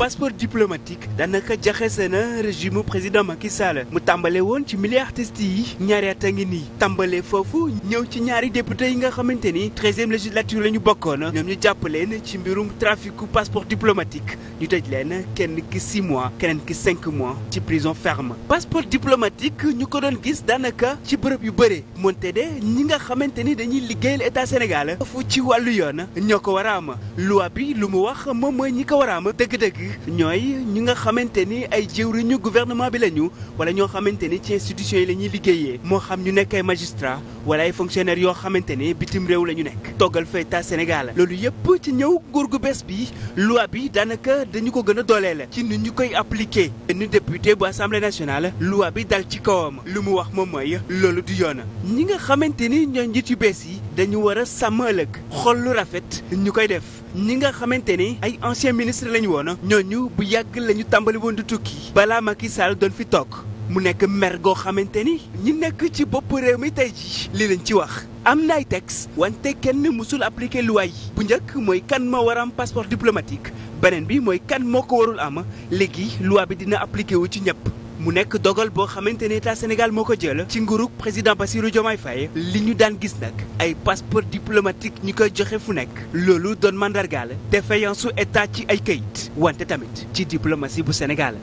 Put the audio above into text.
passeport diplomatique danaka jaxase na régime mu président Macky Sall mu tàmbale woon ci milieu artistes yi ñaari at a ngi nii tàmbale foofu ñëw ci ñaari député yi nga xamante ni treizième législature la ñu bokkoon ñoom ñu jàpp leen ci mbirum traficu passeport diplomatique ñu tëj leen kenn ki six mois keneen ki cinq mois ci prison ferme. passeport diplomatique ñu ko doon gis danaka ci bërëb yu bëree moonte de ñi nga xamante ni dañuy liggéeyal état Sénégal fu ci wàllu yoon ñoo ko war a am bi lu mu wax moom mooy ñi ko war a am ñooy ñi nga xamante ni ay jëwriñu gouvernement bi lañu wala ñoo xamante ni ci institution yi la ñuy liggéeyee moo xam ñu nekk ay wala ay fonctionnaires yoo xamante ne bitim réew la ñu nekk toggal fa état Sénégal loolu yëpp ci ñëw góor gu bees bi loi bi daanaka dañu ko gën a dooleel ci ni ñu koy appliqué benn député bu assemblée nationale loi bi dal ci kawam lu mu wax moom mooy loolu du yoon ñi nga xamante ni ñoo njiit ci bees yi dañu war a sàmm ëllëg xol lu rafet ñu koy def ñi nga xamante ni ay ancien ministre lañu woon ñooñu bu yàgg la ñu tàmbali woon di tukki balaa Macky Sall doon fi toog mu nekk mer goo xamante ni ñi nekk ci bopp réew mi tey ji li lañ ci wax am nay ay texte wante kenn mësul appliqué luwaay bu njëkk mooy kan ma war am passeport diplomatique beneen bi mooy kan moo ko warul am léegi loi bi dina appliqué wu ci ñëpp mu nekk dogal boo xamante ni état Sénégal moo ko jël ci nguru président Bassirou Diomaye fay li ñu daan gis nag ay passeport diplomatique ñu koy joxe fu nekk loolu doon mandargaal défaillance su état ci ay kayit wante tamit ci diplomatie bu Sénégal